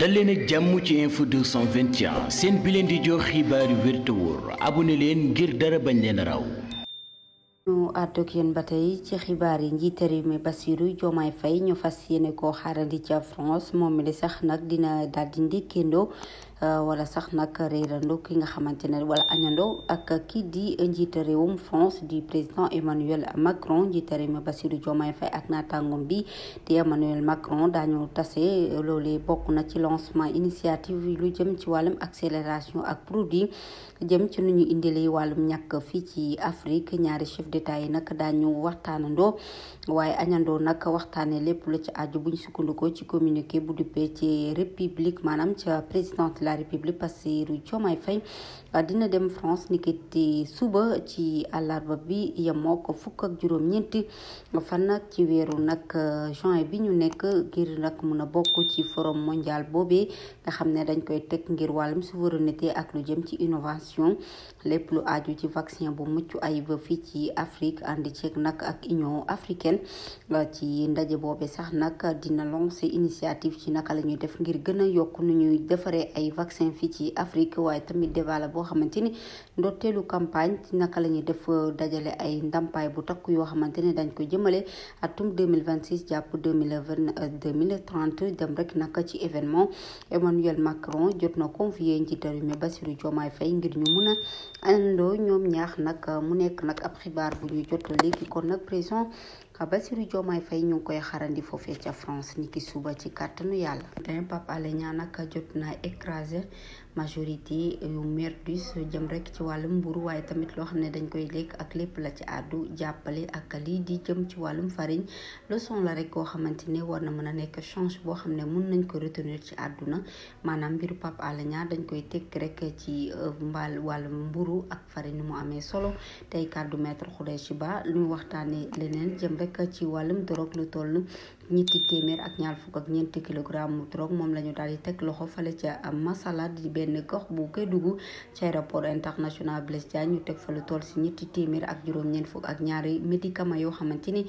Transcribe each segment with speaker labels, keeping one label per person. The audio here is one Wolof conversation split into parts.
Speaker 1: dal leen ak jàmm ci info 221 seen bi leen di jox xibaar yu wér te wóor leen ngir dara bañ leen raw ñu àddu ba tey ci xibaar yi njiite réew mi Bassirou Diomaye Faye ñu fas yéene koo xaarandi ca France moom mi li sax nag dina daal di Euh, wala sax nag réerandoo ki nga xamante ne wala añandoo ak kii di njiita réewum France di président Emmanuel Macron njiita réewum Bassirou Diomaye Faye ak naataangoom bi di Emmanuel Macron daañu tase loolee bokk na ci lancement initiative yi lu jëm ci wàllum accélération ak produit jëm ci nu ñu indilee wàllum ñàkk fii ci Afrique ñaari chef d'état yi nag daañu waxtaanandoo waaye añandoo nag waxtaanee lépp lu ci aju buñ sukkandikoo ci communiqué bu duppee ci république maanaam ca présidente la république Bassirou Diomaye Faye euh, dina dem France niki suba ci àllarba bi yemoo ko fukk ak juróom-ñeenti fan nag ci weeru nag euh, juin bi ñu nekk ngir nag mun a bokk ci forum mondial boobee nga xam ne dañ koy teg ngir wàllum souveraineté ak lu jëm ci innovation lépp lu aju ci vaccin bu mucc ay fii ci Afrique ànd ceeg nag ak Union africaine euh, ci ndaje boobee sax nag dina lancer initiative ci naka la def ngir gën yokk nu ñuy defaree ay vaccin fii ci Afrique waaye tamit débat la boo xamante ni ndorteelu campagne ci naka la ñuy def euh, dajale ay ndampaay bu takk yoo xamante ne dañ ko jëmale atum 2026 jàpp 2020 2030 euh, dem rek naka ci événement Emmanuel Macron jot na convier njiitu réew mi Bassirou Diomaye Faye ngir ñu mun a ñoom ñaax nag euh, mu nekk nag ab xibaar bu ñu jot léegi kon nag président Bassirou Diomaye Faye ñu ngi koy xarandi foofee ca France ki suba ci kàttanu yàlla. tey Pape Alé Niang jot naa écrasé majorité yu maire dus jëm rek ci wàllum mburu waaye tamit loo xam ne dañ koy lekk ak lépp la ci àddu jàppale ak lii di jëm ci wàllum farine leçon la rek koo xamante ne war na mën a nekk change boo xam ne mun nañ ko retenir ci àdduna maanaam mbiru Pape Alé dañ koy tekk rek ci euh, mbaal wàllum mburu ak farine ni mu amee solo tey kàddu maître Khoureychi Ba lu ñu waxtaanee leneen jëm rek ci wàllum drogue lu toll ñetti téeméer ak ñaar fukk ak ñeenti kilogramme drogue moom la ñu daal di teg loxo fale ca masala di benn gox bu Kédougou ci aéroport international Blaise Diagne ñu teg fa lu toll si ñetti téeméer ak juróom-ñeent fukk ak ñaari médicament yoo xamante ni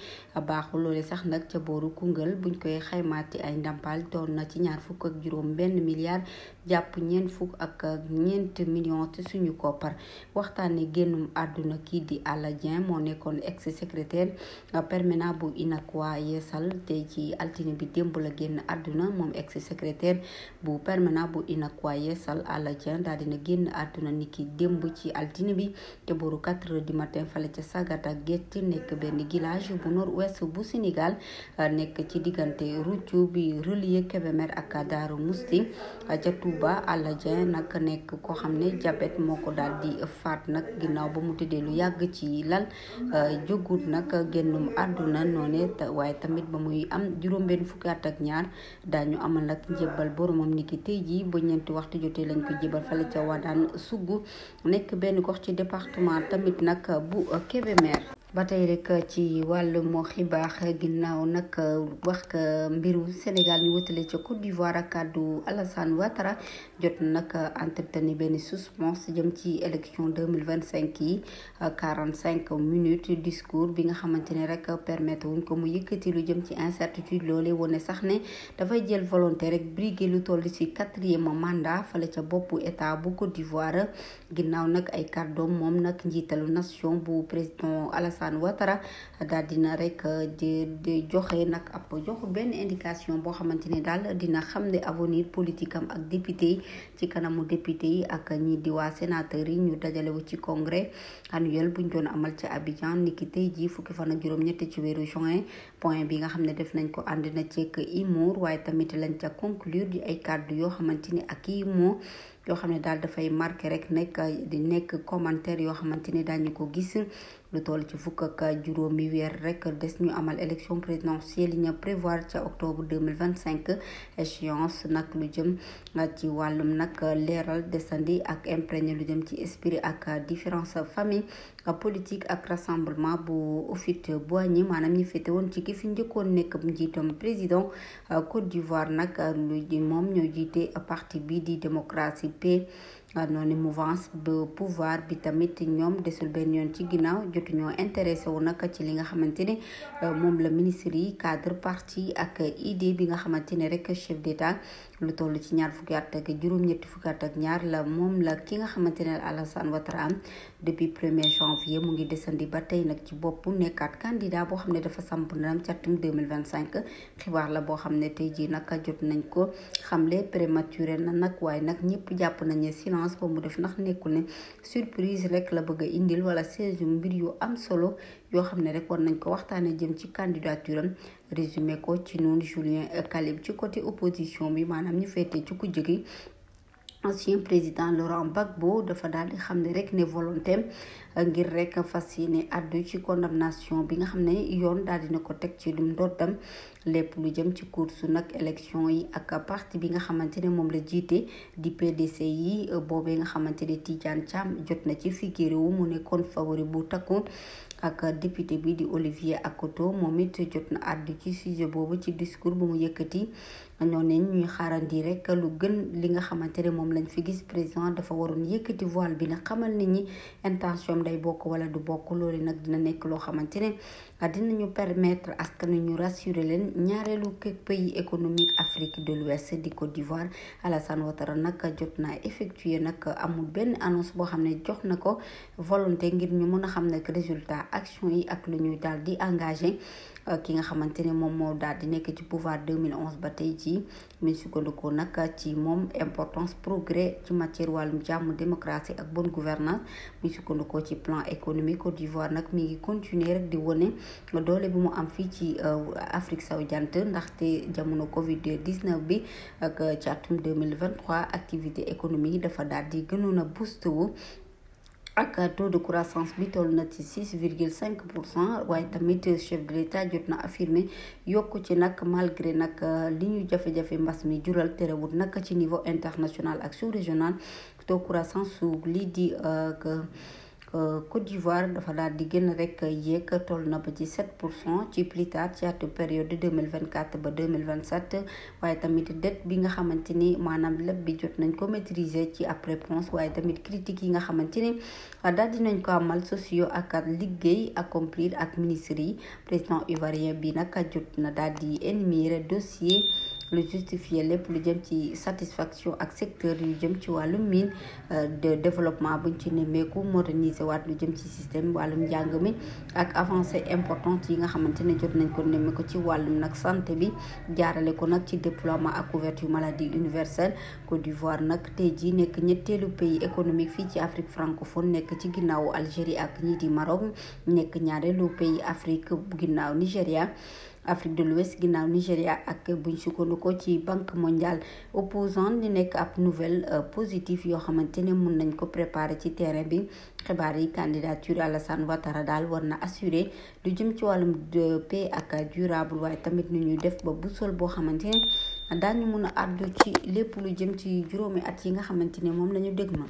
Speaker 1: baaxul loole sax nag ca booru Koungheul buñ koy xaymaat ci ay ndàmpaal toll na ci ñaar fukk ak juróom benn milliard jàpp ñeent fukk ak ñeent millions ci suñu koppar waxtaanee génnum àdduna kii di Alla Dieng moo nekkoon ex secrétaire euh, permanent bu UNACOIS Yeesal tey ci altine bi démb la génn àdduna moom ex secrétaire bu permanent bu UNACOIS Yeesal Alla Dieng daal dina génn àdduna ni ki démb ci altine bi te booru 4 heures du matin fale ca Sagata Gétti nekk benn village bu nord ouest bu Sénégal euh, nekk ci diggante route bi relier Kébémer ak Daaru Musti euh, ca Touba Alla Dieng nag nekk koo xam ne jabet moo ko daal di faat nag ginaaw ba mu tëddee lu yàgg ci lal euh, jógut nag génnum àdduna noone waaye tamit ba muy am juróom-benn fukki ak ñaar daañu amal nag njëbbal boromam niki tey jii ba ñeenti waxtu jotee lañ ko jëbal fale ca Wadaan Sougou nekk benn gox ci département tamit nag bu Kébémer ba tey rek ci wàllum xibaar ginnaaw nag wax mbiru Sénégal ñu wutale ca Côte d'Ivoire ak kàddu Alassane Ouattara jot nag entretenir benn suspense jëm ci élection deux mille vingt cinq yi quarante cinq minutes discours bi nga xamante ne rek permettre wuñ ko mu yëkkati lu jëm ci incertitude loole wane sax ne dafay jël volonté rek briguer lu toll ci quatrième mandat fale ca boppu état bu Côte d'Ivoire ginnaaw nag ay kàddoom moom nag njiitalu nation bu président Alassane. Alassane Ouattara daal dina rek di di joxe nag ab jox benn indication boo xamante ni daal dina xam ne avenir politikam ak député yi ci kanamu député yi ak ñi di waa sénateur yi ñu dajalewu wu ci congrès annuel buñ doon amal ci Abidjan niki tey jii fukki fan ak juróom-ñetti ci weeru juin point bi nga xam ne def nañ ko ànd na ceeg Imour waaye tamit lañ ca conclure di ay kàddu yoo xamante ni ak Imour yoo xam ne daal dafay marqué rek nekk di nekk commentaire yoo xamante ni daañu ko gis lu toll ci fukk ak juróomi weer rek des ñu amal élection présidentielle yi ñu prévoir ca octobre deux mille vingt cinq échéance nag lu jëm ci wàllum nag leeral desandi ak imprégné lu jëm ci esprit ak différence famille politique ak rassemblement bu Houphouët-Boigny maanaam ñi féete woon ci ki fi njëkkoon nekk njiitam président euh, Côte d'Ivoire nag euh, lu moom ñoo jiite parti bi di démocratie paix noonu mouvance bu pouvoir bi tamit ñoom desul benn yoon ci ginnaaw jotuñoo ñoo intéressé wu nag ci li nga xamante ne euh, moom la ministre yi cadre parti ak idée bi nga xamante ne rek chef d'état lu toll ci ñaar fukki at ak juróom-ñetti fukki at ak ñaar la moom la ki nga xamante ne Alassane Ouattara depuis premier janvier mu ngi desandi ba tey nag ci bopp nekkaat candidat boo xam ne dafa samp ndam ca atum 2025 xibaar la boo xam ne tey jii nag jot nañ ko xamle prématuré na nag waaye nag ñëpp jàpp nañ annonce ba mu def ndax nekkul ne surprise rek la bëgg a indil wala seize mbir yu am solo yoo xam ne rek war nañ ko waxtaanee jëm ci candidature am résumé ko ci noonu Julien Kalib ci côté opposition bi maanaam ñu féetee ci kujje gi ancien président Laurent bo dafa daal di xam ne rek ne volonteem ngir rek fas yéene àddu ci condamnation bi nga xam ne yoon daal dina ko teg ci lum ndottam lépp lu jëm ci course nag élection yi ak parti bi nga xamante ne moom la jiite di PDC yi boobee nga xamante ne Tidiane Thiam jot na ci figuré wu mu nekkoon favori bu takku ak député bi di Olivier Akoto moom it jot na àddu ci sujet boobu ci discours bu mu yëkkati na ñoo ne ñuy xaarandi rek lu gën li nga xamante ne moom lañ fi gis président dafa waroon yëkkati voile bi nag xamal nit ñi intention day bokk wala du bokk loolu nag dina nekk loo xamante ne dinañu permettre askan ñu rassurer leen ñaareelu pays économique Afrique de l'Ouest di Côte d'Ivoire Alassane Ouattara nag jot naa effectuer nag amul benn annonce boo xam ne jox na ko volonté ngir ñu mën a xam nag résultat action yi ak lu ñuy daal di engagé ki nga xamante ne moom moo daal di nekk ci pouvoir 2011 ba tey ci yi muy sukkandiku nag ci moom importance progrès ci matière wàllum jàmm démocratie ak bon gouvernance muy sukkandikoo ci plan économique Côte d'Ivoire nag mi ngi continuer rek di wone doole bi mu am fii ci euh, Afrique saw jant ndaxte jamono Covid 19 bi ak euh, ci atum 2023 activité économique yi dafa daal di gënoon a boost wu ak taux de croissance bi toll na ci six virgule cinq pour cent waaye tamit chef de l'état jot na affirmé yokk ci nag malgré nag euh, li ñu jafe-jafe mbas mi jural terewut nag ci niveau international ak sous-régional taux croissance su lii di euh, Euh, Côte d'Ivoire dafa daal di gën rek yéeg toll na ba ci 7 pour cent ci plus tard ci atu période 2024 ba 2027 waaye tamit dette bi nga xamante ni maanaam lépp bi jot nañ ko maîtriser ci ab réponse waaye tamit critiques yi nga xamante ni ah, daal nañ ko amal socio ak liggéey accomplir ak ministre yi président ivoirien bi nag jot na daal di ennuyer dossier lu justifier lépp lu jëm ci satisfaction ak secteur yu jëm ci wàllum mine euh, de développement buñ ci nemmeeku moderniser waat lu jëm ci système wàllum njàng mi ak avancée importante yi nga xamante ne jot nañ ko nemmeeku ci wàllum nag santé bi jaarale ko nag ci déploiement ak couverture maladie universelle Côte d'Ivoire nag tey jii nekk ñetteelu pays économique fii ci Afrique francophone nekk ci ginnaawu Algérie ak ñii di Maroc nekk ñaareelu pays Afrique ginnaaw Nigéria Afrique de l'Ouest ginnaaw Nigéria ak buñ ko ci banque mondiale opposant di nekk ab nouvelle euh, positive yoo xamante ne mun nañ ko préparer ci tere bi xibaar yi candidature Alassane Ouattara daal war na assurer lu jëm ci wàllum de paix ak durable waaye tamit nu ñuy def ba bu sol boo xamante ne daañu mun a àddu ci lépp lu jëm ci juróomi at yi nga xamante ne moom la ñu dégg ma